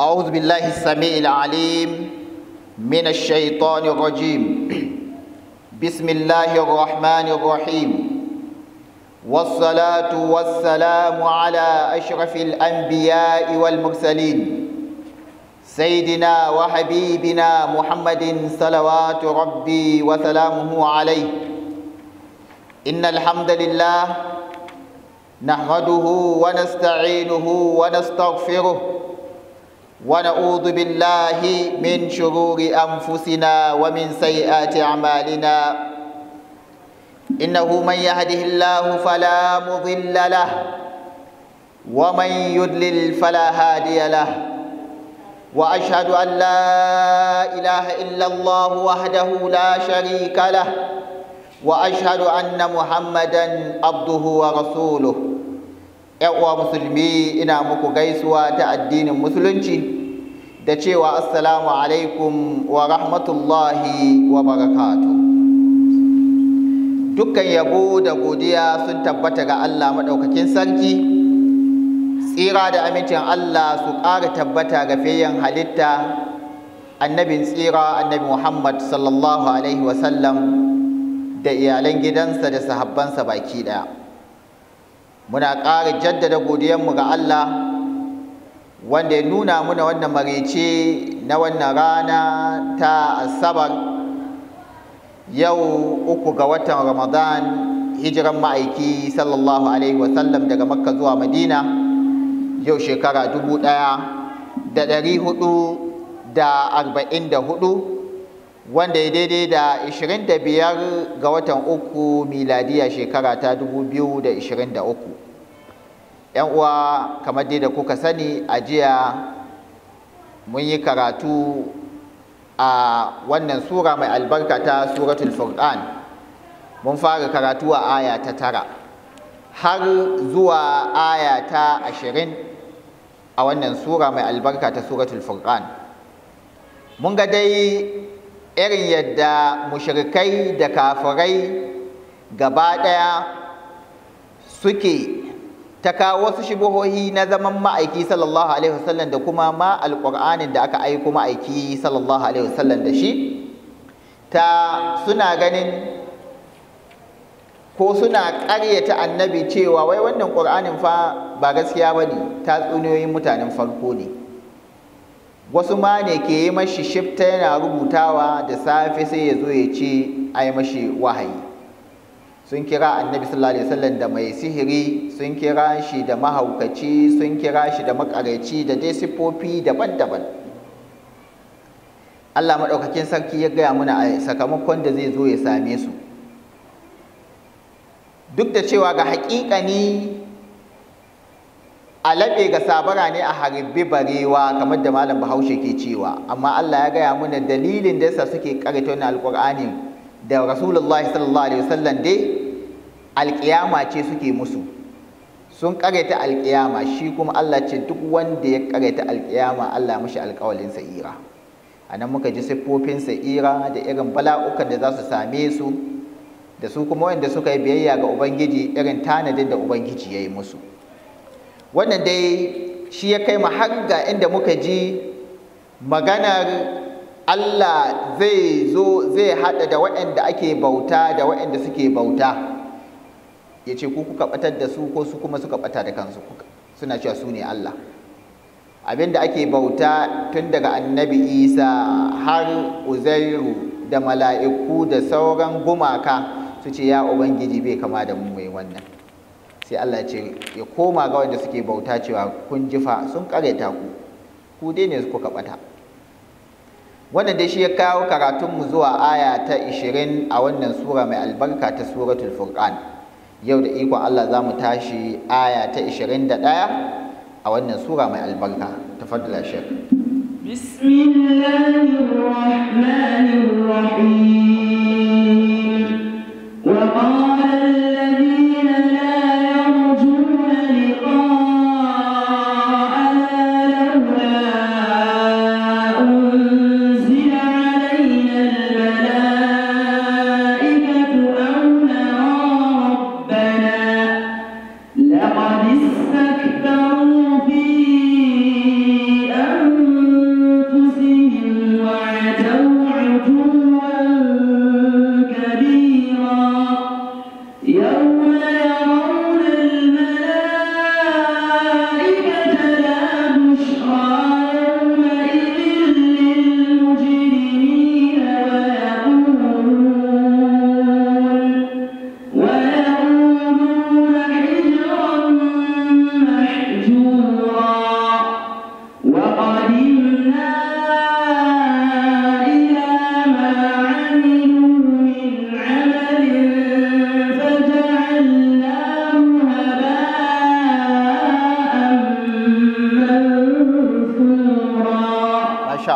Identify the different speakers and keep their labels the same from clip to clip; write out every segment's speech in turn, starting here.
Speaker 1: أعوذ بالله السميع العليم من الشيطان الرجيم بسم الله الرحمن الرحيم والصلاة والسلام على أشرف الأنبياء والمرسلين سيدنا وحبيبنا محمد صلوات ربي وسلامه عليه إن الحمد لله نحمده ونستعينه ونستغفره ونعوذ بالله من شرور أنفسنا ومن سيئات أعمالنا إنه من يهده الله فلا مضل له ومن يدلل فلا هادي له وأشهد أن لا إله إلا الله وحده لا شريك له وأشهد أن محمدًا عبده ورسوله uwa musulmi ina muku gaisuwa ta addinin musulunci da cewa assalamu alaikum wa rahmatullahi wa barakatu dukkan yabo da godiya sun tabbata ga Allah maɗaukakin sarki tsira da amincin Allah su ƙara tabbata ga fayyan halitta annabin tsira annabi Muhammad sallallahu alaihi wasallam da iyalan gidansa da sahabbansa baki ɗaya. muna ƙara jaddada godiyanmu ga Allah wanda ya nuna muna wannan marece na wannan rana ta asabar yau uku ga watan ramadan hijiran ma'aiki sallallahu alaihi wasallam daga makka zuwa madina yau shekara dubu ɗaya da ɗari hudu da arba'in da hudu wanda ya daidai da biyar ga watan uku miladiya shekara ta uku. yan uwa kamar dai da kuka sani a jiya mun yi karatu a wannan sura mai albarka ta suratul furqan mun fara karatu a aya ta tara har zuwa aya ta ashirin a wannan sura mai albarka ta suratul furqan mun ga dai irin yadda mushrikai da kafirai gaba ɗaya suke ta kawo wasu shubuhohi na zaman ma'aiki sallallahu alaihi wasallam da kuma ma alqur'anin da aka aiko ma'aiki sallallahu alaihi wasallam da shi ta suna ganin ko suna ƙaryata annabi cewa wai wannan ƙur'anin fa ba gaskiya ba ne tatsuniyoyin mutanen farko ne wasu ma ne ke yi mashi shifta yana rubutawa da safe sai ya zo ya ce a yi mashi wahayi sun kira annabi sallallahu alaihi wasallam da mai sihiri sun kira shi da mahaukaci sun kira shi da makaraci da dai siffofi daban-daban Allah maɗaukakin sarki ya gaya muna a sakamakon da zai zo ya same su duk da cewa ga haƙiƙani a laɓe ga sabara ne a harbi barewa kamar da malam bahaushe ke cewa amma Allah ya gaya muna dalilin da suke karanta wannan alƙur'ani da rasulullahi sallallahu alaihi wasallam dai alƙiyama ce suke musu sun karaita alkiyama shi kuma Allah ce duk wanda ya karaita alkiyama Allah mashi alkawalin sa'ira a nan muka ji siffofin sa'ira da irin bala'ukan da za su same su da su kuma wanda suka yi biyayya ga ubangiji irin tanadin da ubangiji ya yi musu wannan dai shi ya kai mu har ga inda muka ji maganar Allah zai zo zai haɗa da waɗanda ake bauta da waɗanda suke bauta ya ce ku kuka batar da su ko su kuma suka bata da kansu suna cewa su ne Allah abinda ake bauta tun daga annabi isa har uzairu da mala'iku da sauran gumaka su ce ya ubangiji bai kama da mu mai wannan sai Allah ce ya koma ga wanda suke bauta cewa kun jifa sun kareta ku ku dai ne kuka bata wannan dai shi ya kawo karatunmu zuwa aya ta 20 a wannan sura mai albarka ta suratul furqan yau da ikon Allah za mu tashi aya ta 21 a wannan sura mai albarka ta tafaddala shek
Speaker 2: bismillahirrahmanirrahim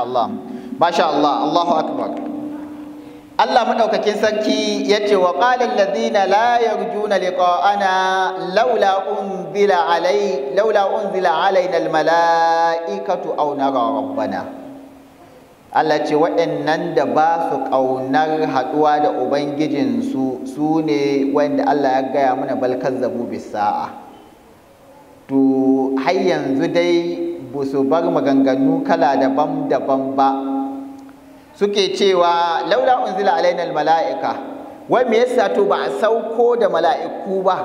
Speaker 1: Allah masha Allah Allahu akbar Allah madaukakin sarki yace wa ƙalin ladina la yarjuna liqa'ana laula unzila alai laula unzila alaina almalaikatu aw nara rabbana Allah ce waɗannan da ba su ƙaunar haɗuwa da Ubangijinsu su ne wanda Allah ya gaya mana balkan zabu bisa'a. to har yanzu dai su bar maganganu kala daban-daban ba suke cewa laula unzila alaina mala'ika wai me yasa to ba a sauko da mala'iku ba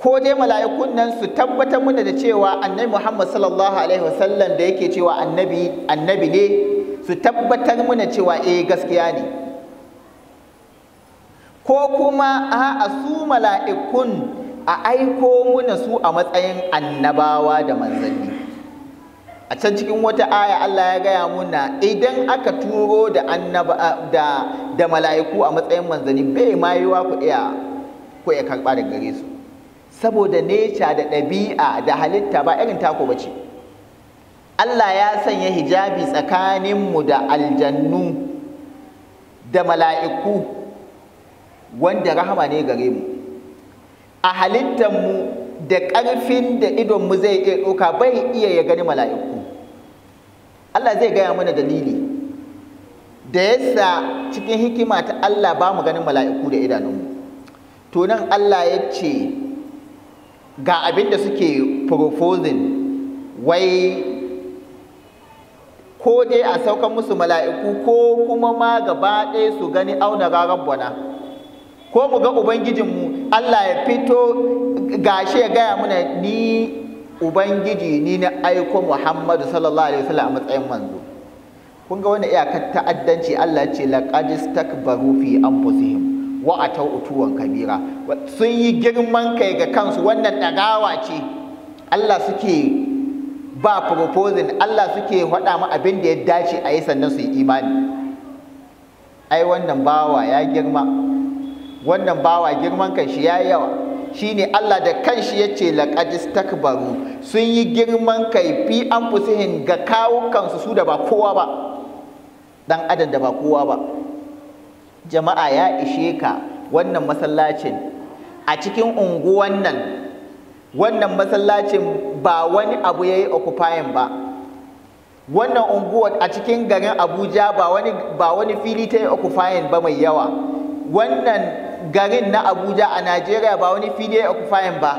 Speaker 1: ko dai mala'ikun nan su tabbatar mana da cewa annabi Muhammad sallallahu alaihi wasallam da yake cewa annabi annabi ne su tabbatar mana cewa eh gaskiya ne ko kuma a su mala'ikun a aiko muna su a matsayin annabawa da manzanni a can cikin wata aya Allah ya gaya muna idan aka turo da annaba da da mala'iku a matsayin manzanni bai ma yiwa ku iya ku iya karɓa da gare su saboda neca da ɗabi'a da halitta ba irin tako bace Allah ya sanya hijabi tsakaninmu da aljannu da mala'iku wanda rahama ne gare mu a halittar mu da ƙarfin da idonmu zai iya ɗauka bai iya ya gani mala'iku Allah zai gaya mana dalili da yasa cikin hikima ta Allah ba mu ganin mala'iku da idanunmu to nan Allah ya ce ga abin da suke proposing wai ko dai a saukan musu mala'iku ko kuma ma gaba ɗaya su gani auna rarar bana ko mu ga ubangijinmu Allah ya fito gashi ya gaya mana ni ubangiji ni na aiko Muhammadu sallallahu alaihi wasallam a matsayin manzo kun ga wani iyakar ta'addanci Allah ce laqad istakbaru fi anfusihim wa atau utuwan kabira sun yi girman kai ga kansu wannan dagawa ce Allah suke ba proposing Allah suke faɗa mu abin da ya dace a yi sannan su yi imani ai wannan bawa ya girma wannan bawa girman kan shi yayi yawa shine Allah da kanshi yace laqad istakbaru sun yi girman kai fi fusihin ga kansu su da ba kowa ba dan adam da ba kowa ba jama'a ya ishe ka wannan masallacin a cikin unguwan nan wannan masallacin ba wani abu yayi occupying ba wannan unguwar a cikin garin abuja ba wani fili ta yi occupying ba mai yawa wannan garin na abuja a najeriya ba wani fili ya occupying ba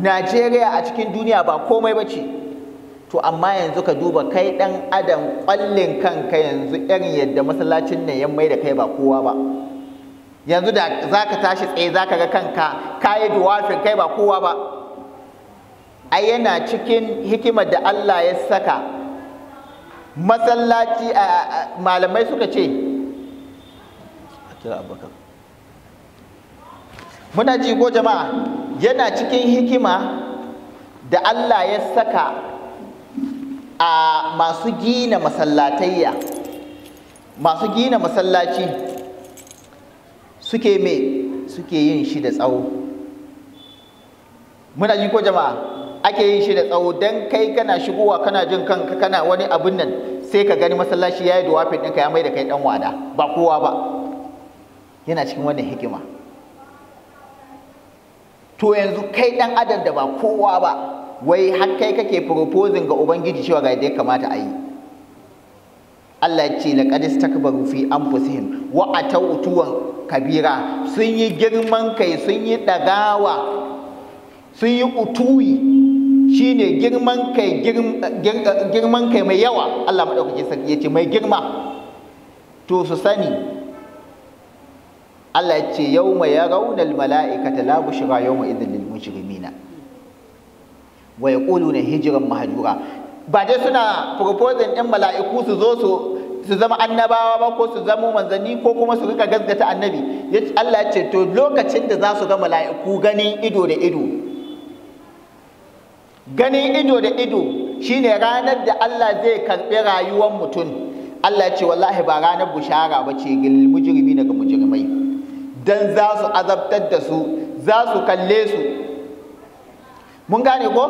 Speaker 1: najeriya a cikin duniya ba komai ba ce to amma yanzu ka duba kai dan adam kwallin kanka yanzu irin yadda masallacin nan ya mai da kai ba kowa ba yanzu da za ka tashi tsaye za ka ga kanka ka yi duwafin kai ba kowa ba ai yana cikin hikimar da allah ya saka masallaci malamai suka ce kira abubakar muna ji ko jama'a yana cikin hikima da Allah ya saka a masu gina masallatayya masu gina masallaci suke me suke yin shi da tsawo muna ji ko jama'a ake yin shi da tsawo dan kai kana shigowa kana jin kanka kana wani abin nan sai ka gani masallaci yayi duwafin ɗinka ya mai da kai dan wada ba kowa ba yana cikin wannan hikima to yanzu kai dan adam da ba kowa ba wai har kai kake proposing ga ubangiji cewa ga yadda ya kamata a yi Allah ya ce qad istakbaru fi anfusihim wa ataw utuwan kabira sun yi girman kai sun yi dagawa sun yi utuwi shine girman kai girman kai mai yawa Allah madaukake sarki yace mai girma to su sani Allah ya ce mala'ika ta almala'ikata la bushra yawma idhil lil mujrimina wa yaquluna hijran mahjura ba dai suna proposing din mala'iku su zo su zama annabawa ba ko su zama manzanni ko kuma su rika gaskata annabi Allah ya ce to lokacin da za su ga mala'iku ganin ido da ido ganin ido da ido shine ranar da Allah zai karɓi rayuwar mutum Allah ya ce wallahi ba ranar bushara ba ce gil mujrimi daga mujrimai dan za su azabtar da su za su kalle su mun gane ko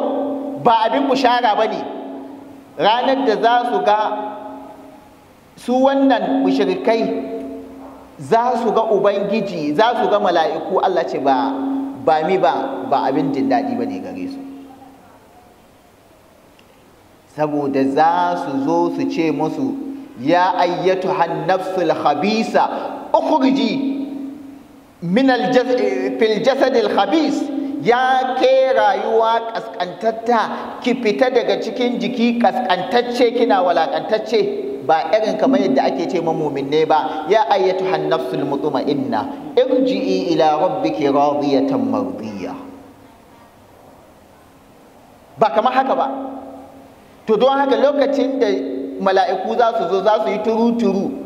Speaker 1: ba abin bushara ba ne ranar da za su ga su wannan mushrikai za su ga ubangiji za su ga mala'iku Allah ce ba ba mi ba ba abin jin daɗi ba ne gare su saboda za su zo su ce musu ya ayyatu hannafsul habisa ukhriji minal fil jasadil khabis ya ke rayuwa kaskantatta ki fita daga cikin jiki kaskantacce kina walakantacce ba irin kamar yadda ake ce ma ne ba ya ayyatu hannafsul mutma'inna irji'i ila rabbiki radiyatan mardiya ba kamar haka ba to don haka lokacin da mala'iku za su zo za su yi turu turu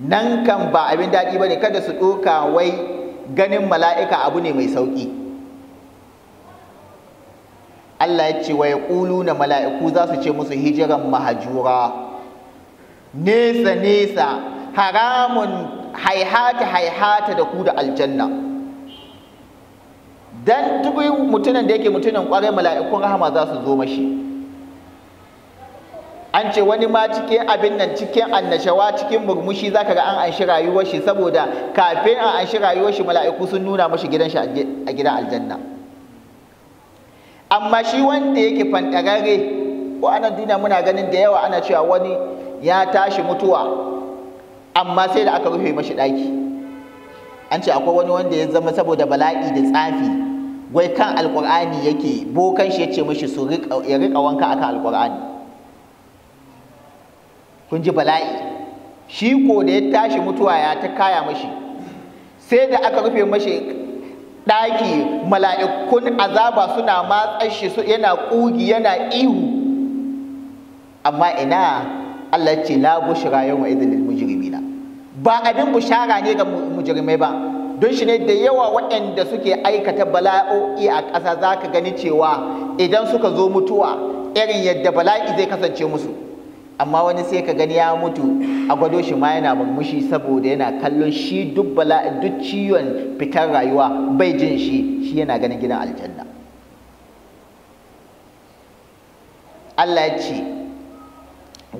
Speaker 1: nan kan ba abin daɗi ba ne kada su ɗoka wai ganin mala'ika abu ne mai sauƙi Allah ya ce wai ya ƙulu na mala'iku za su ce musu hijiran mahajura nesa nesa haramun haihata haihata da ku da aljanna Don duk mutunan da yake mutumin ƙwarai mala'ikun rahama za su zo mashi an ce wani ma cikin abin nan cikin annashawa cikin murmushi za ka ga an anshi rayuwar shi saboda kafin an anshi rayuwar shi mala'iku sun nuna mashi gidan shi a gidan aljanna amma shi wanda yake fanɗarare, ko ana duniya muna ganin da yawa ana cewa wani ya tashi mutuwa amma sai da aka rufe mashi daki an ce akwai wani wanda ya zama saboda bala'i da tsafi wai kan alkur'ani yake bokan shi ya ce mashi su riƙa wanka akan alkur'ani kun ji bala'i shi ko da ya tashi mutuwa ya ta kaya mashi sai da aka rufe mashi ɗaki mala'ikun azaba suna matsar shi su yana ƙugi yana ihu amma ina Allah ce la bushra yawma idhil mujrimina ba abin bushara ne ga mujrimai ba don shi ne da yawa waɗanda suke aikata bala'o'i a ƙasa za ka gani cewa idan suka zo mutuwa irin yadda bala'i zai kasance musu amma wani sai ka gani ya mutu a gwado shi ma yana murmushi saboda yana kallon shi duk bala duk ciwon fitar rayuwa bai jin shi shi yana ganin gidan aljanna Allah ya ce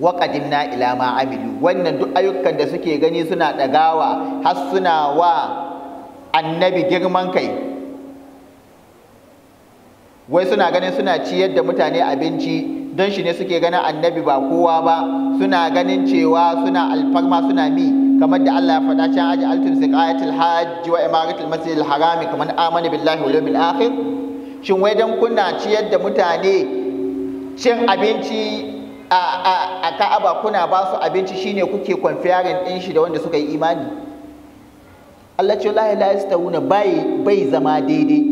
Speaker 1: wa qadimna ila ma amilu wannan duk ayyukan da suke gani suna ɗagawa, har suna wa annabi girman kai wai suna ganin suna ciyar da mutane abinci don shi ne suke ganin annabi ba kowa ba suna ganin cewa suna alfarma suna mi kamar da Allah ya faɗa can aji altun siqayatul hajj wa imaratul masjidil harami kamar amana billahi wal yawmil akhir shin wai dan kuna ciyar da mutane cin abinci a Ka'aba kuna ba su abinci shine kuke confiring din shi da wanda suka yi imani Allah ce la yastawuna bai bai zama daidai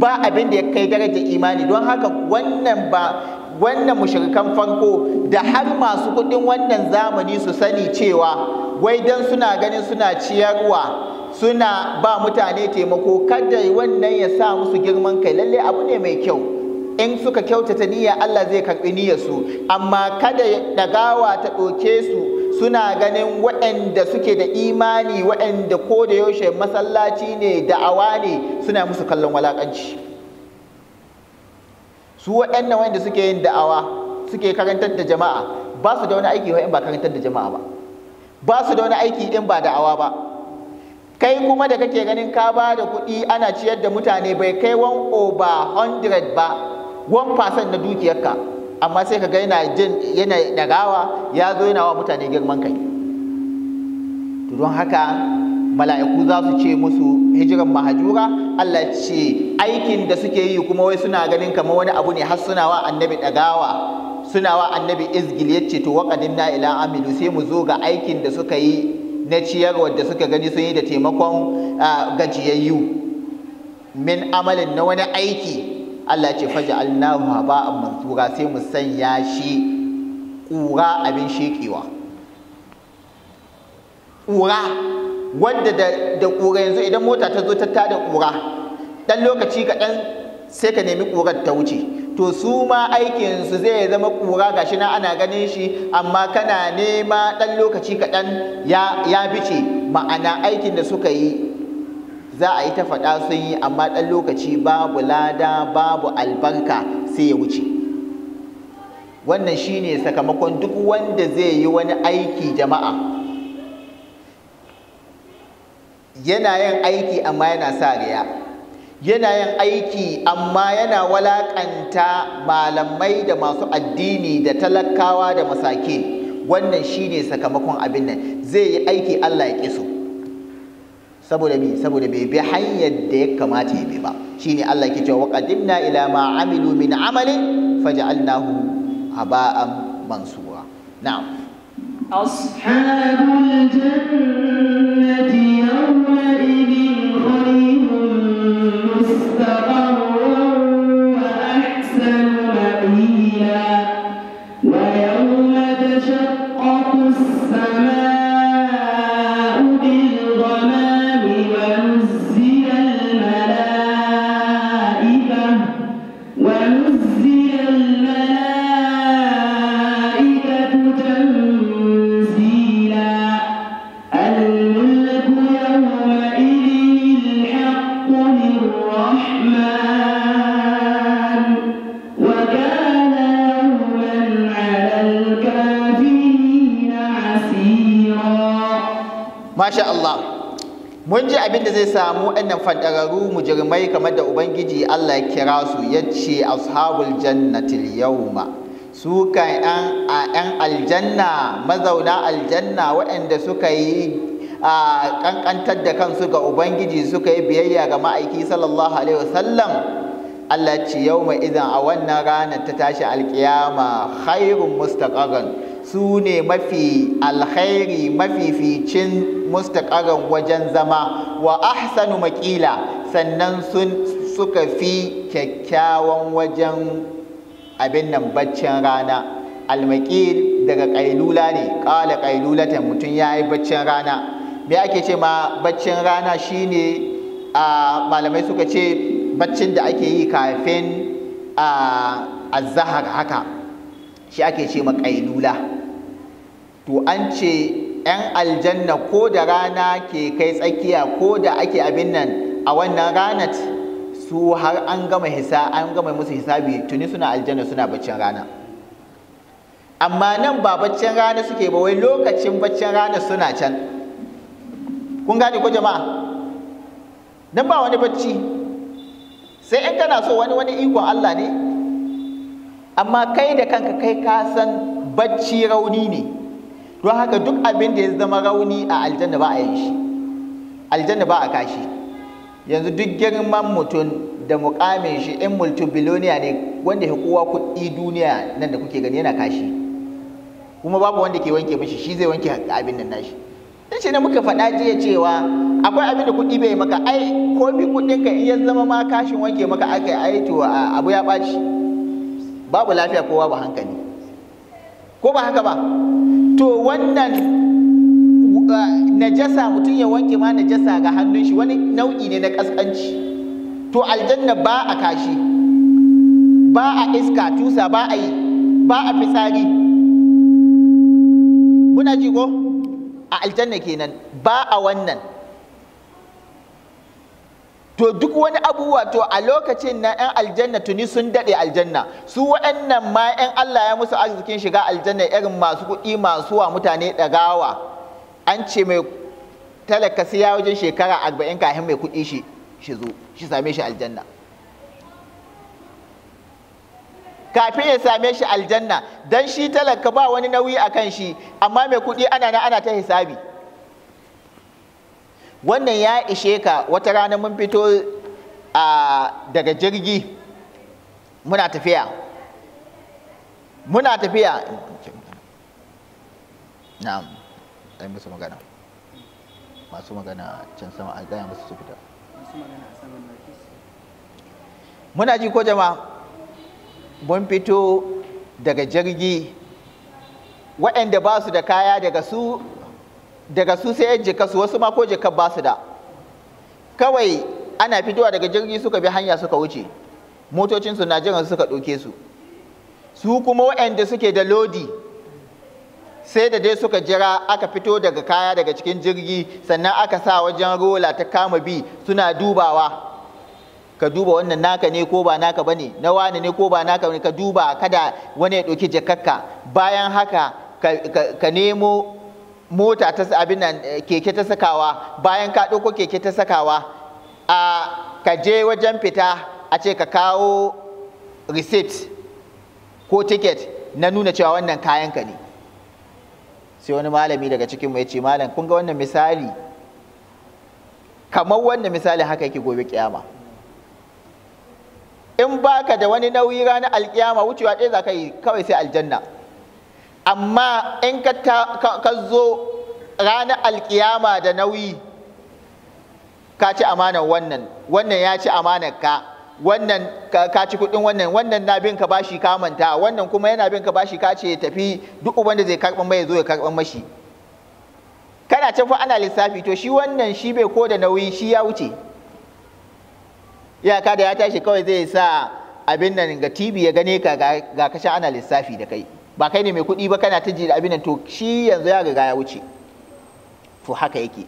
Speaker 1: ba abin da ya kai darajar imani don haka wannan ba wannan mushrikan farko da har masu kuɗin wannan zamani su sani cewa wai dan suna ganin suna ciyarwa suna ba mutane taimako kada wannan ya sa musu girman kai lalle abu ne mai kyau in suka kyautata niyya Allah zai karɓi niyyarsu amma kada dagawa ta ɗauke su suna ganin waɗanda suke da imani waɗanda ko da yaushe masallaci ne da'awa ne suna musu kallon walaƙanci su waɗannan wanda suke yin da'awa suke karantar da jama'a ba su da wani aiki in ba karantar da jama'a ba ba su da wani aiki in ba da'awa ba kai kuma da kake ganin ka ba da kuɗi ana ciyar da mutane bai kai wan oba 100 ba fasan na dukiyarka amma sai ka ga yana jin yana dagawa ya zo yana wa mutane girman kai to don haka mala'iku za su ce musu hijiran mahajura Allah ce aikin da suke yi kuma wai suna ganin kamar wani abu ne har suna wa annabi dagawa suna wa annabi izgil ya ce to waƙadin na ila amilu sai mu zo ga aikin da suka yi na ciyarwar da suka gani sun yi da taimakon gajiyayyu min amalin na wani aiki Allah ce faja alnahu haba'an mansura sai mu sanya shi ƙura abin shekewa ƙura wanda da ƙura yanzu idan mota ta zo ta tada ƙura ɗan lokaci kaɗan sai ka nemi ƙurar ta wuce to su ma aikinsu zai zama ƙura gashi na ana ganin shi amma kana nema ɗan lokaci
Speaker 2: kaɗan
Speaker 1: ya bice ma'ana aikin da suka yi za a yi ta faɗa sun yi amma ɗan lokaci babu lada babu albarka sai ya wuce wannan shine sakamakon duk wanda zai yi wani aiki jama'a yana yin aiki amma yana sa riya yana yin aiki amma yana walakanta malamai da masu addini da talakawa da masake wannan shine sakamakon abin nan zai yi aiki Allah ya kiso saboda mi saboda bai bi hanyar da ya kamata ya bi ba shine Allah ke cewa waqadimna ila ma amilu min amalin faj'alnahu haba'an mansura na'am
Speaker 2: أصحاب الجنة يوم
Speaker 1: da zai samu wannan fadararru mujirmai kamar da ubangiji Allah ya kira su yace ashabul jannati yawma su kan yan aljanna mazauna aljanna waɗanda suka yi a ƙanƙantar da kansu ga ubangiji suka yi biyayya ga ma'aiki sallallahu alaihi wasallam Allah ce yawma idan a wannan ranar ta tashi alkiyama khairun mustaqarran su ne mafi alkhairi mafificin mustaqarran wajen zama wa ahsanu maƙila sannan sun suka fi kyakkyawan wajen abin nan baccin rana almakil daga ƙailula ne ƙala ƙailulata mutum ya yi baccin rana me ake ce ma baccin rana shine a malamai suka ce baccin da ake yi kafin a azahar haka shi ake ce ma ƙailula to an ce 'yan aljanna ko da rana ke kai tsakiya ko da ake abin nan a wannan ranat su har an gama hisa an gama musu hisabi tuni suna aljanna suna baccin rana amma nan ba baccin rana suke ba wai lokacin baccin rana suna can kun gane ko jama'a nan ba wani bacci sai in kana so wani wani ikon Allah ne amma kai da kanka kai ka san bacci rauni ne don haka duk abin da ya zama rauni a aljanna ba a yin shi aljanna ba a kashi yanzu duk girman mutum da mukamin shi in multibiloniya ne wanda ya kowa kuɗi duniya nan da kuke gani yana kashi kuma babu wanda ke wanke mishi shi zai wanke abin nan nashi dan shi ne muka faɗa jiya cewa akwai abin da kuɗi bai maka ai komi kuɗin ka in ya zama ma kashin wanke maka aka ai to abu ya ɓaci babu lafiya kowa ba hankali ko ba haka ba to wannan uh, najasa mutum ya wanke ma najasa ga hannun shi wani nau'i ne na kaskanci to aljanna ba a kashi ba a iska tusa ba a yi ba a fitsari muna ji ko a aljanna kenan ba a wannan to duk wani abubuwa to a lokacin na 'yan aljanna tuni sun daɗe aljanna su waɗannan ma 'yan Allah ya musu arzikin shiga aljanna irin masu kuɗi masu wa mutane ɗagawa an ce mai talaka siya wajen shekara arba'in kafin mai kuɗi shi zo shi same shi aljanna kafin ya same shi aljanna dan shi talaka ba wani nauyi akan shi amma mai kuɗi ana ana ta hisabi wannan ya ishe ka wata rana mun fito daga jirgi muna tafiya muna tafiya na'am ai musu magana masu magana can sama a gaya musu su fita muna ji ko jama'a mun fito daga jirgi waɗanda ba su da kaya daga su daga su sai jika su wasu ma ko jika ba su da kawai ana fitowa daga jirgi suka bi hanya suka wuce motocin su Najeriya suka ɗauke su su kuma waɗanda suke da lodi sai da dai suka jira aka fito daga kaya daga cikin jirgi sannan aka sa wajen rola ta kama bi suna dubawa ka duba wannan naka ne ko ba naka bane na wani ne ko ba naka ne ka duba kada wani ya ɗauki jakakka bayan haka ka nemo mota ta abin nan eh, keke ta sakawa bayan ka ɗauko keke ta sakawa a ka je wajen fita a ce ka kawo receipt ko ticket na nuna cewa wannan kayan ka ne sai wani malami daga cikin mu ya ce malam kun ga wannan misali kamar wannan misali haka yake gobe kiyama in baka da wani nauyi ranar alkiyama wucewa ɗaya za ka yi kawai sai aljanna amma in ka zo ranar alkiyama da nauyi ka ci amanar wannan wannan ya ci amanar ka wannan ka ci kudin wannan wannan na bin ka bashi ka manta wannan kuma yana bin ka bashi ka ce ya tafi duk uban da zai karban mai ya zo ya karban mashi kana ce fa ana lissafi to shi wannan shi bai ko da nauyi shi ya wuce iyaka da ya tashi kawai zai sa abin nan ga tv ya gane ka ga kashin ana lissafi da kai ba kai ne mai kuɗi ba kana ta ji da to shi yanzu ya riga ya wuce to haka yake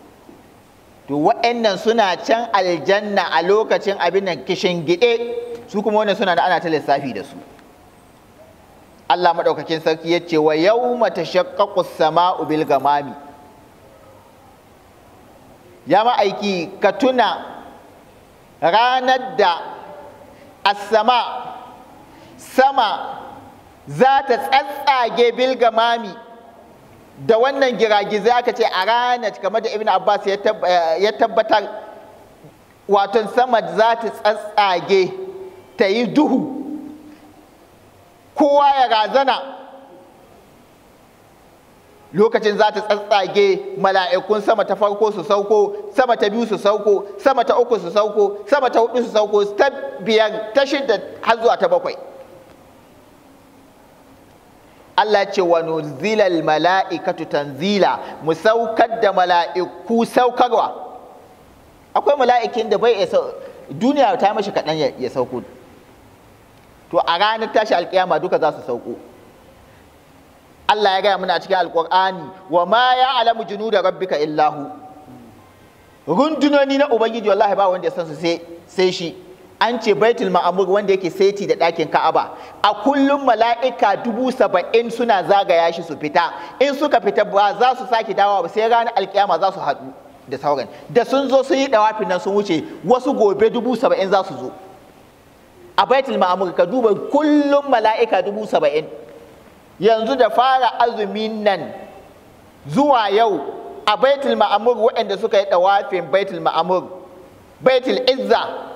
Speaker 1: to wa'annan suna can aljanna a lokacin abin kishin gide su kuma wannan suna da ana ta lissafi da su Allah maɗaukakin sarki ya ce wa mata tashaqqaqu samau bil gamami ya ma'aiki ka tuna ranar da a sama za ta tsatsage bilgamami da wannan giragizai aka ce a rana kamar da ibn abbas ya tabbatar waton sama za ta tsatsage ta yi duhu kowa ya razana lokacin za ta tsatsage mala'ikun sama ta farko su sauko sama ta biyu su sauko sama ta uku su sauko sama ta hudu su sauko ta biyar ta shida har zuwa ta bakwai Allah ce wa nuzilal mala'ikatu tanzila mu saukar da mala'iku saukarwa akwai mala'ikin da bai duniya ta mashi kaɗan ya sauko to a ranar tashi alkiyama duka za su sauko Allah ya gaya muna cikin alkur'ani wa ma ya alamu junu da rabbika illahu rundunoni na ubangiji wallahi ba wanda ya san su sai shi an ce baitul ma'amur wanda yake saiti da ɗakin ka'aba a kullum mala'ika dubu saba'in suna zagaya shi su fita in suka fita ba za su sake dawowa ba sai ranar alkiyama za su haɗu da sauran da sun zo sun yi ɗawafin nan sun wuce wasu gobe dubu saba'in za su zo a baitul ma'amur ka duba kullum mala'ika dubu saba'in yanzu da fara azumin nan zuwa yau a baitul ma'amur waɗanda suka yi ɗawafin baitul ma'amur baitul izza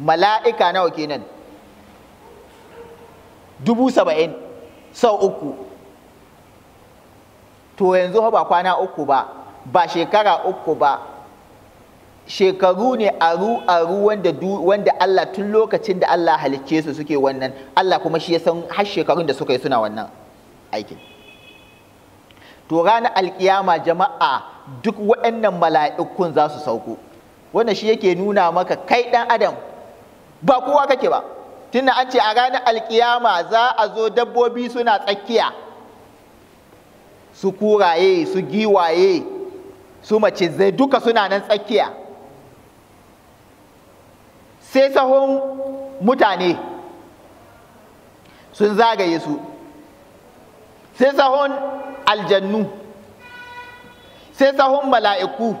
Speaker 1: mala'ika nawa kenan dubu saba'in sau uku to yanzu ba kwana uku ba ba shekara uku ba shekaru ne aru aru wanda Allah tun lokacin da Allah halicce su suke wannan Allah kuma shi ya san har shekarun da suka yi suna wannan aikin to ranar alkiyama jama'a duk waɗannan mala'ikun za su sauko wannan shi yake nuna maka kai ɗan adam ba kowa kake ba tunda an ce a ranar alkiyama za a zo dabbobi suna tsakiya su kuraye su giwaye su mace zai duka suna nan tsakiya sai sahun mutane sun zagaye su sai sahun aljannu sai sahun mala'iku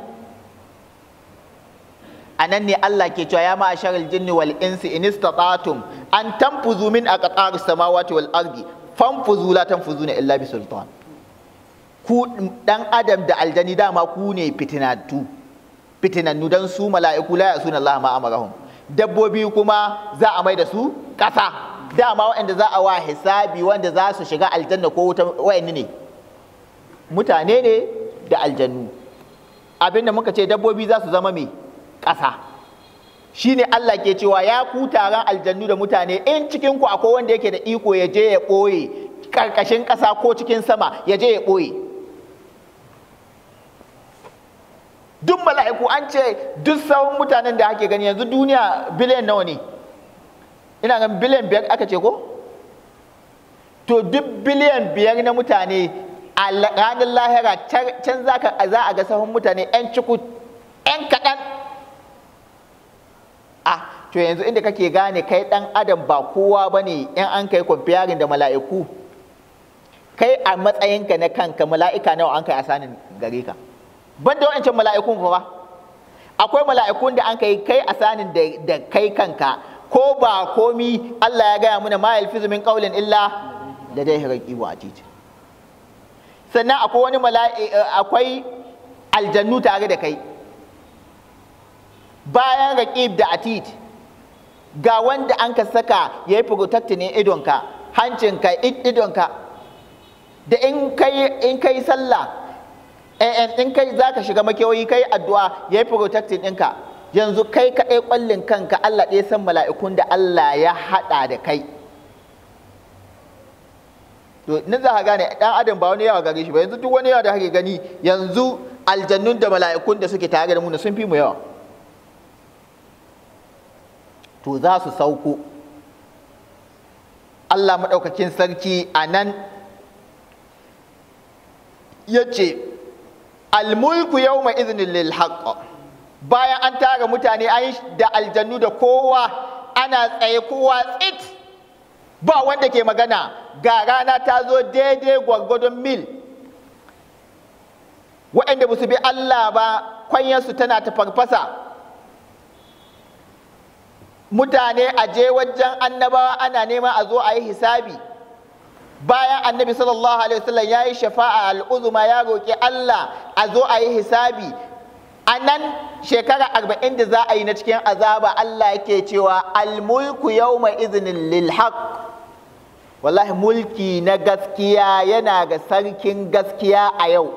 Speaker 1: nan ne Allah ke cewa ya ma'asharal jinni wal insi in istata'tum an tanfuzu min aqtaris samawati wal ardi fanfuzu la tanfuzuna illa bi sultan ku dan adam da aljani dama ku ne fitinatu fitinannu dan su mala'iku la yasuna Allah ma amarahum dabbobi kuma za a mai da su ƙasa dama waɗanda za a wa hisabi wanda za su shiga aljanna ko wuta waɗanne ne mutane ne da aljannu abinda muka ce dabbobi za su zama mai. ƙasa shi ne Allah ke cewa ya ku taron aljannu da mutane in cikin ku akwai wanda yake da iko ya je ya ɓoye ƙarƙashin ƙasa ko cikin sama ya je ya ɓoye duk mala'iku an ce duk sauran mutanen da ake gani yanzu duniya biliyan nawa ne ina ganin biliyan biyar aka ce ko to duk biliyan biyar na mutane a ranar lahira can za a ga sahun mutane 'yan ciku 'yan kaɗan a ah, to yanzu inda kake gane kai dan adam ba kowa bane in an kai comparing da mala'iku kai a matsayinka na kanka mala'ika nawa an kai asanin gare ka banda wancan mala'ikun fa ba akwai mala'ikun da an kai kai asanin da kai kanka ko ba komi Allah ya gaya mana ma yalfizu min qaulin illa da dai raqibu atid sannan akwai wani mala'i eh, akwai aljannu tare da kai bayan raƙib da atid ga wanda an ka saka ya yi furutattunin idonka hancinka idonka da in kai yi sallah eh, eh, in kai za ka shiga makewayi kai addu'a ya yi protectin ɗinka yanzu kai kaɗai ƙwallin kanka Allah ɗaya san mala'ikun da Allah ya haɗa da kai to ni za ka gane ɗan adam ba wani yawa gare shi ba yanzu duk wani yawa da kake gani yanzu aljannun da mala'ikun da suke tare da mu sun fi mu yawa to za su sauko Allah maɗaukakin sarki a nan ya ce almulku yau mai izinin lilhaƙa bayan an tara mutane an da aljannu da kowa ana tsaye kowa tsit ba wanda ke magana ga rana ta zo daidai gwargwadon mil waɗanda ba su bi Allah ba kwanyarsu tana ta farfasa mutane a je wajen annabawa ana nema a zo a yi hisabi bayan annabi sallallahu alaihi wasallam ya yi shafa'a al'uzuma ya roƙi Allah a zo a yi hisabi a nan shekara arba'in da za a yi na cikin azaba Allah yake cewa almulku yauma izinin lil wallahi mulki na gaskiya yana ga sarkin gaskiya a yau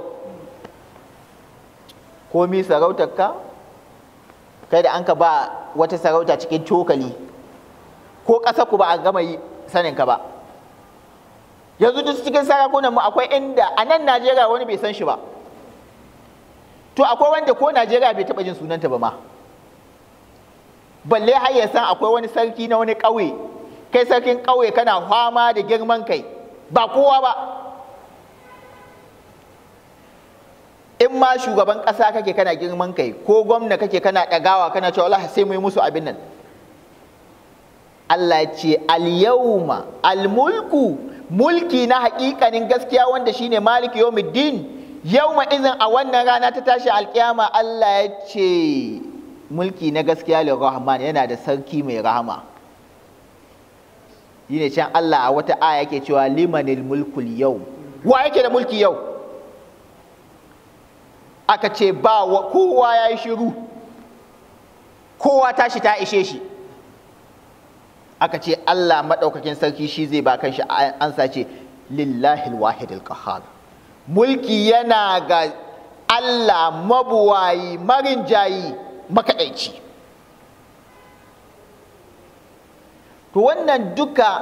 Speaker 1: komi sarautar ka. kai da an ka ba wata sarauta cikin cokali ko ƙasa ku ba a gama yi sanin ka ba yanzu duk cikin sarakunan mu akwai inda a nan Najeriya wani bai san shi ba to akwai wanda ko Najeriya bai taba jin sunanta ba ma balle har ya san akwai wani sarki na wani ƙauye kai sarkin ƙauye kana fama da girman kai ba kowa ba in ma shugaban ƙasa kake kana girman kai ko gwamna kake kana ɗagawa kana cewa Allah sai mu yi musu abin nan Allah ce al-yawma al-mulku mulki na haƙiƙanin gaskiya wanda shine malik yawmiddin yawma izin a wannan rana ta tashi alƙiyama Allah ya ce mulki na gaskiya lil rahman yana da sarki mai rahama yine can Allah a wata aya yake cewa limanil mulkul yau wa yake da mulki yau aka ce ba wa kowa ya yi shiru kowa tashi ta ishe shi aka ce Allah maɗaukakin sarki shi zai ba kan shi an sace lillahi wahidil al mulki yana ga Allah mabuwayi marin jayi makaɗaici to wannan duka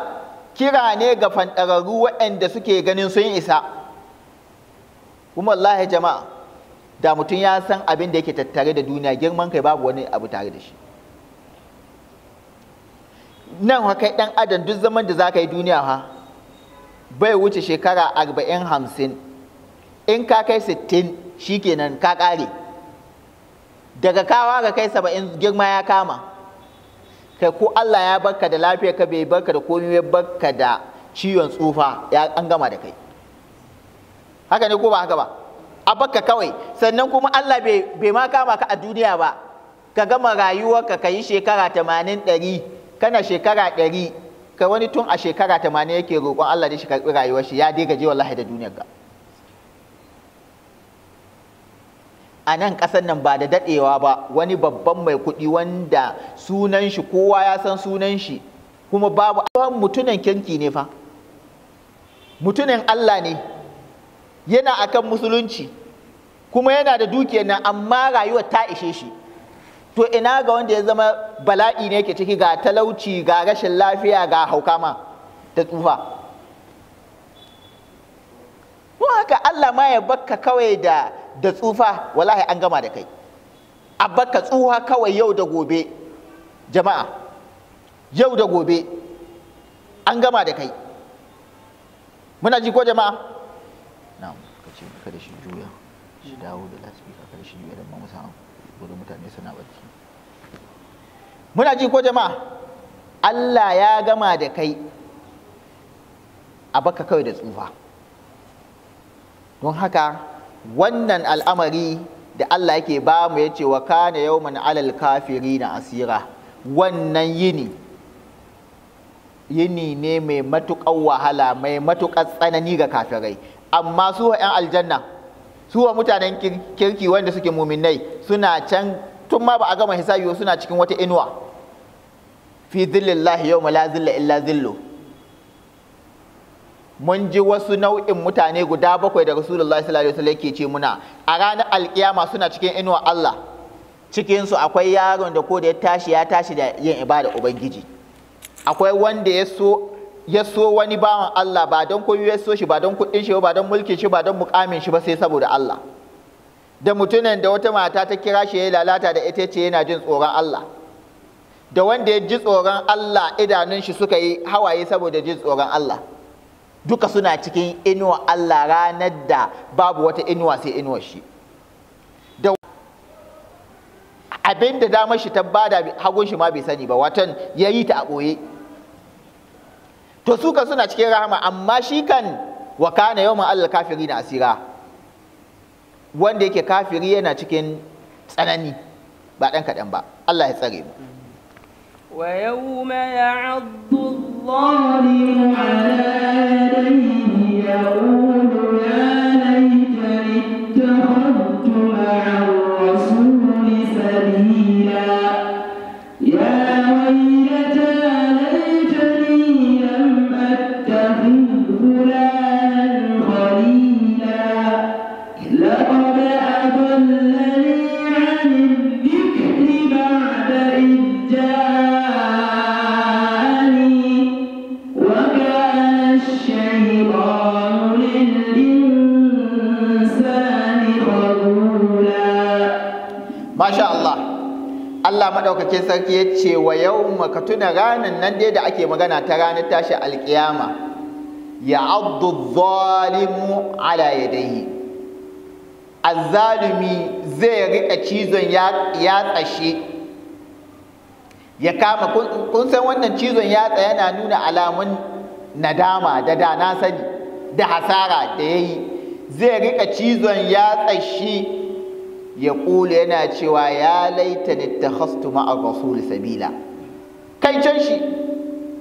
Speaker 1: kira ne ga fanɗararru waɗanda suke ganin sun isa kuma Allah jama'a da mutum ya san abin da yake tattare da duniya girman kai babu wani abu tare da shi nan haka dan adam duk zaman da za ka yi duniya ha bai wuce shekara arba'in hamsin in ka kai sittin shikenan ka kare, daga kawa ga kai saba'in girma ya kama kai ko Allah ya barka da lafiya ka bai barka da komai ya barka da ciwon tsufa ya an gama da kai haka ne ko ba haka ba a baka kawai sannan kuma Allah bai ma kama ka a duniya ba ka gama rayuwarka ka yi shekara tamanin ɗari kana shekara ɗari ka wani tun a shekara tamanin yake roƙon Allah da shi karɓi rayuwar shi ya dai gaje wallahi da duniyar ka a nan ƙasar nan ba da daɗewa ba wani babban mai kuɗi wanda sunan shi kowa ya san sunan shi kuma babu mutunan kirki ne fa mutunan Allah ne yana akan musulunci kuma yana da dukiyar nan amma rayuwar ta ishe shi to ina ga wanda ya zama bala'i ne yake ciki ga talauci ga rashin lafiya ga haukama ta tsufa ko haka Allah ma ya bakka kawai da da tsufa wallahi an gama da kai a bakka tsuha kawai yau da gobe jama'a yau da gobe an gama da kai muna ji ko jama'a shi kada shi juya shi dawo da kada shi juya da mamusa gudun mutane suna barci muna ji ko jama'a Allah ya gama da kai a baka kawai da tsufa don haka wannan al'amari da Allah yake ba mu ya ce wa kana yawman alal kafiri na asira wannan yini yini ne mai matuƙar wahala mai matuƙar tsanani ga kafirai amma su wa 'yan aljanna su wa mutanen kirki wanda suke muminai suna can tun ma ba a gama hisabi suna cikin wata inuwa fi zillillahi yau la zilla illa zillu mun ji wasu nau'in mutane guda bakwai da rasulullah sallallahu alaihi wasallam ke ce muna a ranar alkiyama suna cikin inuwa Allah Cikinsu akwai yaron da ko da ya tashi ya tashi da yin ibada ubangiji akwai wanda ya so ya so wani bawan Allah ba don kun ya so shi ba don kuɗin shi ba don mulkin shi ba don mukamin shi ba sai saboda Allah da mutumin da wata mata ta kira shi ya lalata da ita ce yana jin tsoron Allah da wanda ya ji tsoron Allah idanun shi suka yi hawaye saboda jin tsoron Allah duka suna cikin inuwa Allah ranar da babu wata inuwa sai inuwa shi abin da damar shi ta bada hagun shi ma bai sani ba watan ya yi ta a ɓoye to su kan suna cikin rahama amma shi kan wa kana yawman Allah kafiri na asira wanda yake kafiri yana cikin tsanani ba ɗan kaɗan ba Allah ya tsare mu ويوم
Speaker 2: يعض الظالم على يديه يقول
Speaker 1: Allah maɗaukacin sarki ya ce wa yau ka tuna ranar nan dai da ake magana ta ranar tashi alkiyama ya abdu zalimu ala yadayhi azzalumi zai riƙa cizon ya tsashe ya kama kun san wannan cizon yatsa yana nuna alamun nadama da dana sani da hasara da yayi zai rika cizon ya tsashe ya ƙulu yana cewa ya laita ni ta hastu ma'a rasul sabila kai can shi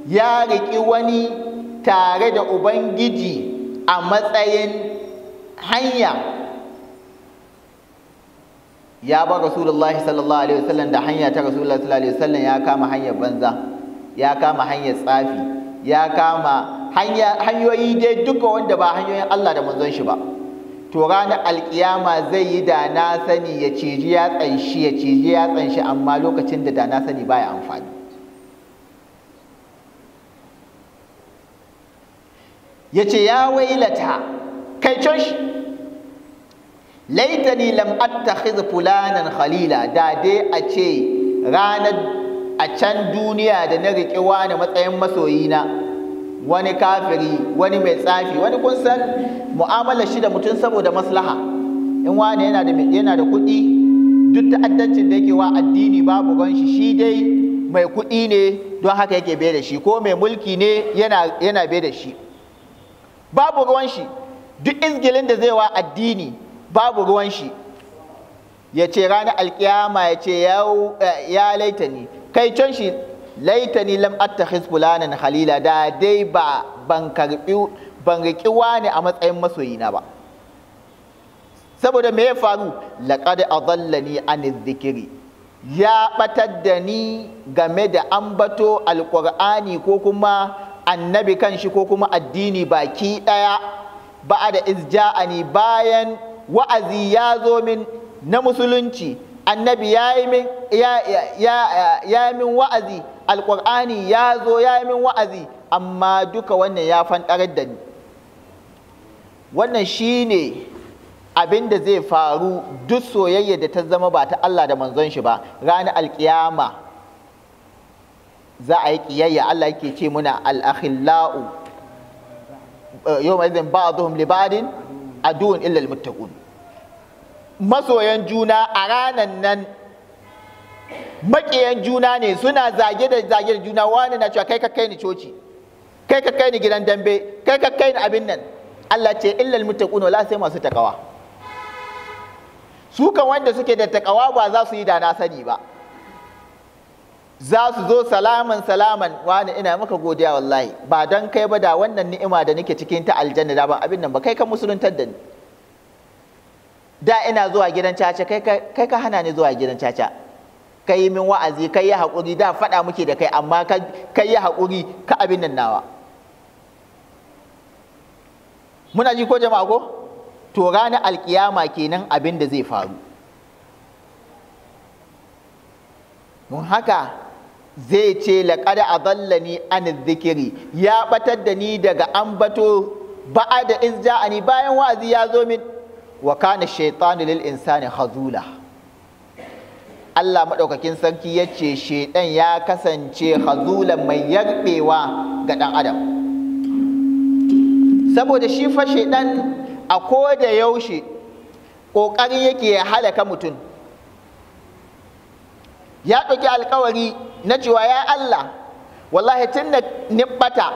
Speaker 1: ya riƙi wani tare da ubangiji a matsayin hanya ya ba rasulullahi sallallahu alaihi wasallam da hanya ta rasulullahi sallallahu alaihi wasallam ya kama hanyar banza ya kama hanyar tsafi ya kama hanyoyi dai duka wanda ba hanyoyin Allah da manzon shi ba to ranar alkiyama zai yi da na sani ya ciji ya tsanshi ya ciji ya tsanshi amma lokacin da da na sani baya amfani ya ce ya wailata kai cosh laitani lam attakhiz fulanan khalila da dai a ce ranar a can duniya da na riƙe wani matsayin masoyina wani kafiri wani mai tsafi wani kun san mu'amalar shi da mutum saboda maslaha in wani yana da yana da kuɗi duk ta'addancin da yake wa addini babu ganshi shi shi dai mai kuɗi ne don haka yake bai da shi ko mai mulki ne yana yana bai da shi babu ruwan shi duk izgilin da zai wa addini babu ruwan shi ya ce ranar alkiyama ya ce eh, ya laita ni kai can shi laitani lam attakhiz fulanan halila da dai ba ban karbi ban riki wani a matsayin masoyina ba saboda me ya faru laqad adallani an zikiri ya batar da ni game da ambato alqur'ani ko kuma annabi kan shi ko kuma addini baki daya ba da izja'ani bayan wa'azi ya zo min na musulunci annabi ya yi min wa'azi alƙur'ani ya zo ya yi min wa'azi amma duka wannan ya fanɗarar da ni wannan shi ne abin da zai faru duk soyayya da ta zama ba ta Allah da manzon shi ba ranar alƙiyama za a yi ƙiyayya Allah yake ce muna al'akhillau eh, yau mai zan ba'aduhum libadin adun illal almuttaqun masoyan juna a ranan nan maƙiyan juna ne suna zage da zage da juna wani na cewa kai ka kai ni coci kai ka kai ni gidan dambe kai ka kai ni abin nan Allah ce illal muttaquna la sai masu takawa su kan wanda suke da takawa ba za su yi da na sani ba za su zo salaman salaman wani ina maka godiya wallahi ba dan kai ba da wannan ni'ima da nake cikin ta aljanna da ban abin nan ba kai ka musuluntar da ni da ina zuwa gidan caca kai ka hana ni zuwa gidan caca ka yi min wa'azi ka yi haƙuri da faɗa muke da kai amma ka yi haƙuri ka abin nan nawa muna ji ko jama'a ko to ranar alkiyama kenan abin da zai faru Mun haka zai ce a zallani an zikiri ya ɓatar da ni daga ambato ba'a da izja'ani bayan wa'azi ya zo min wa kana shaitanu lil insani hazula Allah maɗaukakin sarki ya ce shaiɗan ya kasance hazulan mai yarɓewa ga ɗan adam saboda shi fa shaiɗan a ko da yaushe ƙoƙari yake ya halaka mutum ya ɗauki alkawari na cewa ya Allah wallahi tun da nibbata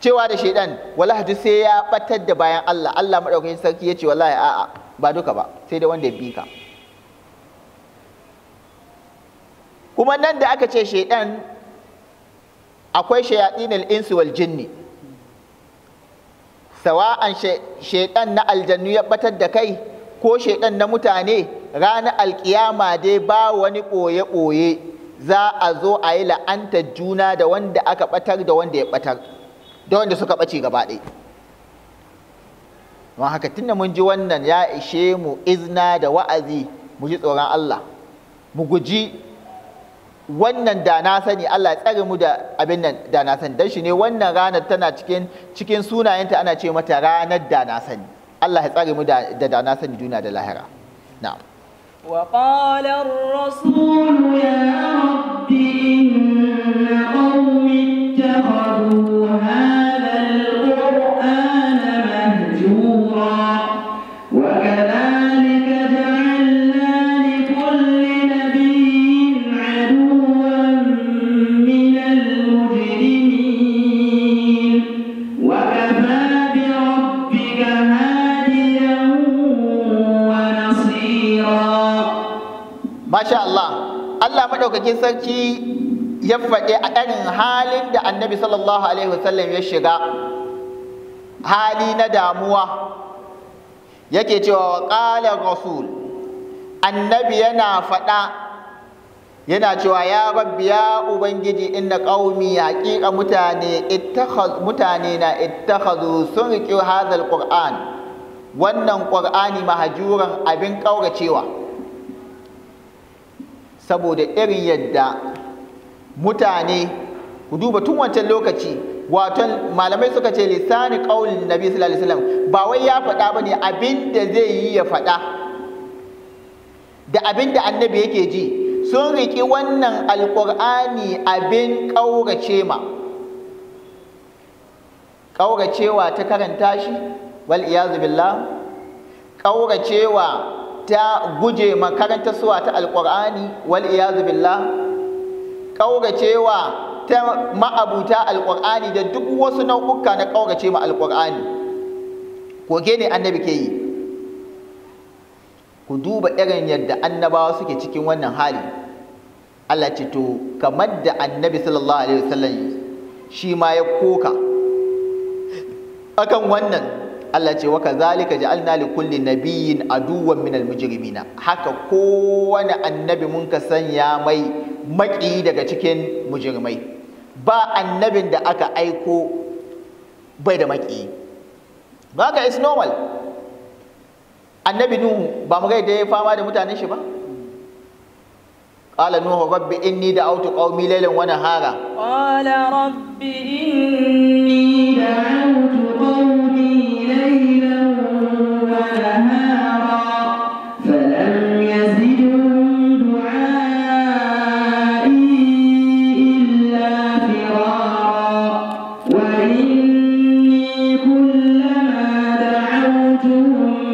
Speaker 1: cewa da shaiɗan wallahi duk sai ya ɓatar da bayan Allah Allah maɗaukakin sarki ya ce wallahi a'a ba duka ba sai da wanda ya bi ka kuma nan da aka ce shaidan akwai shayaɗinul insu wal jinni sawa'an shaidan na aljannu ya batar da kai ko shaidan na mutane ranar alkiyama dai ba wani ɓoye-ɓoye za a zo a yi la'anta juna da wanda aka batar da wanda ya batar da wanda suka ɓace gaba ɗaya don haka tunda mun ji wannan ya ishe mu izna da wa'azi mu ji tsoron Allah mu guji wannan da na sani Allah ya tsare mu da abin nan da na sani dan shi ne wannan ranar tana cikin cikin sunayenta ana ce mata ranar da na sani Allah ya tsare mu da da na sani duniya da lahira na'am
Speaker 2: وقال rasul يا رب إن قومي اتخذوا هذا
Speaker 1: Maukakin sarki ya faɗi a irin halin da annabi sallallahu alaihi wasallam ya shiga hali na damuwa yake cewa wa ƙalar rasul annabi yana faɗa yana cewa ya rabbi ya ubangiji na ƙaumi haƙiƙa mutane mutane na ittakhazu sun riƙe hadal qur'an wannan qur'ani mahajuran abin ƙauracewa saboda irin yadda mutane ku duba tun wancan lokaci wato malamai suka ce lisani ƙaunin nabi sallallahu alaihi wasallam ba wai ya faɗa ne, abin da zai yi ya faɗa da abin da annabi yake ji sun riƙi wannan alƙur'ani abin ƙaurace ma ƙauracewa ta karanta shi wal iyazu billah ƙauracewa ta guje makaranta suwa ta alƙur'ani wal iyazu billah ƙauracewa ta ma'abuta alƙur'ani da duk wasu nau'uka na ƙaurace ma alƙur'ani koke ne annabi ke yi ku duba irin yadda annabawa suke cikin wannan hali Allah ce to kamar da annabi sallallahu alaihi wasallam shi ma ya koka akan wannan Allah ce wa kazalika ja'alna li kulli nabiyyin aduwwan minal mujrimina haka kowane annabi mun ka sanya mai maki daga cikin mujrimai ba annabin da aka aiko bai da maki ba ka is normal annabi nuhu ba mu ga ya fama da mutanen shi ba nuhu rabbi inni إني qaumi laylan wa nahara
Speaker 2: qala rabbi inni دعوت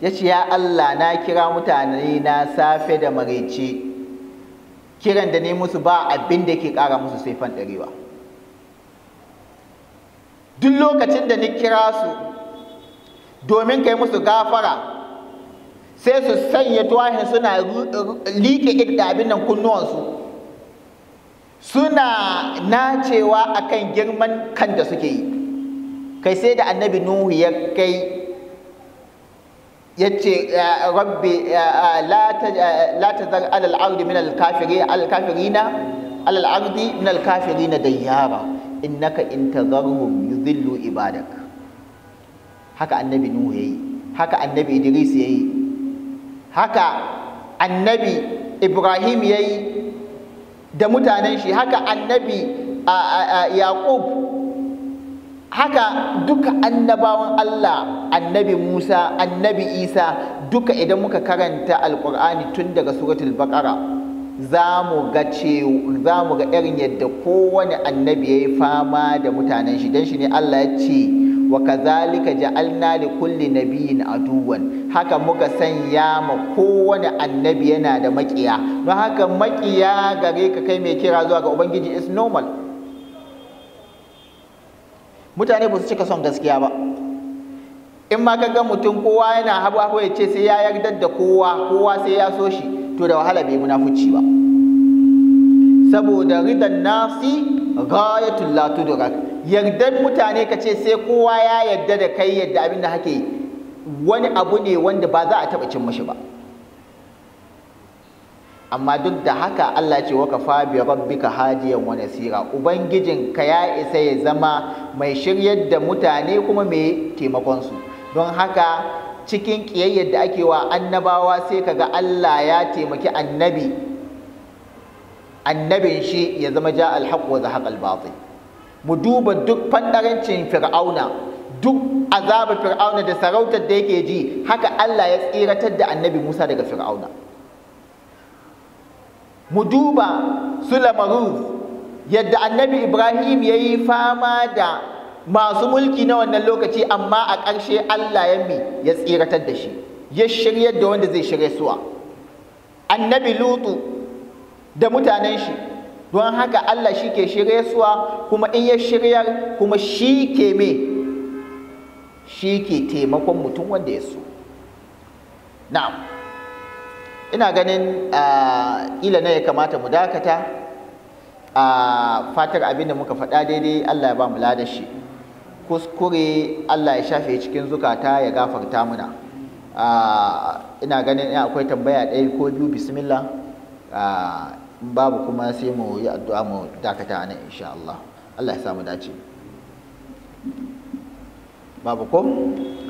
Speaker 1: ya ce ya Allah na kira mutane na safe da maraice kiran da ne musu ba abin da ke kara musu sai ɗarewa duk lokacin da ni kira su domin kai musu gafara sai su sanya tuwahin suna liƙe da abin nan kunnuwansu suna nacewa akan girman kan da suke yi kai sai da annabi nuhu ya kai yace rabbi la tazar alal ardi min al kafirina alal ardi min al kafirina dayyara innaka in tazarhum yudhillu ibadak haka annabi nuhu yayi haka annabi idris yayi haka annabi ibrahim yayi da mutanen shi haka annabi yaqub haka duka annabawan Allah annabi Musa annabi Isa duka idan muka karanta alkur'ani tun daga suratul baqara za mu ga za mu ga irin yadda kowane annabi ya yi fama da mutanen shi dan shi ne Allah ya ce wa kazalika ja'alna li kulli nabiyyin aduwan haka muka sanya ma kowane annabi yana da makiya don haka makiya gare ka kai mai kira zuwa ga ubangiji is normal mutane ba su cika son gaskiya ba in ma ga mutum kowa yana habu habu ya ce sai ya yarda da kowa kowa sai ya so shi to da wahala bai munafuci ba saboda ridan nafsi ghayatul la tudrak yardar mutane ka ce sai kowa ya yarda da kai yadda abin da hake wani abu ne wanda ba za a taɓa cin mashi ba amma duk da haka Allah ce waka fa bi rabbika hadiyan wa nasira ka ya isa ya zama mai shiryar da mutane kuma mai taimakon su don haka cikin kiyayyar da ake wa annabawa sai kaga Allah ya taimaki annabi annabin shi ya zama ja alhaq wa zahaq albatil mu duba duk fandarancin fir'auna duk azabar fir'auna da sarautar da yake ji haka Allah ya tsiratar da annabi Musa daga fir'auna mu duba sulamaruz yadda annabi ibrahim ya yi fama da masu mulki na wannan lokaci amma a ƙarshe allah ya mi ya tsiratar da shi ya shiryar da wanda zai shirya suwa annabi lutu da mutanen shi don haka allah shi ke shirya suwa kuma in ya shiryar kuma shi ke me shi ke taimakon mutum wanda ya so na'am ina ganin ah, ila na ya kamata mu dakata a ah, fatar abin da muka faɗa daidai Allah ya ba mu lada shi kuskure Allah ya shafe cikin zukata ya gafarta muna ah, ina ganin akwai tambaya ɗaya ko biyu bismillah babu kuma sai mu yi addu'a mu dakata nan insha Allah Allah ya samu dace babu kuma.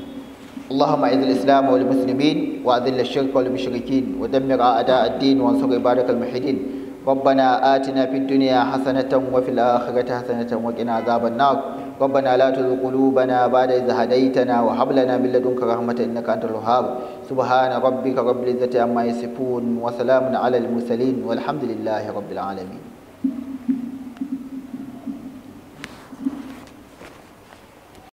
Speaker 1: اللهم اعز الاسلام والمسلمين واذل الشرك والمشركين ودمر اعداء الدين وانصر عبادك الموحدين ربنا آتنا في الدنيا حسنة وفي الآخرة حسنة وقنا عذاب النار ربنا لا تزغ قلوبنا بعد إذ هديتنا وهب لنا من لدنك رحمة إنك أنت الوهاب سبحان ربك رب العزة عما يصفون وسلام على المرسلين والحمد لله رب العالمين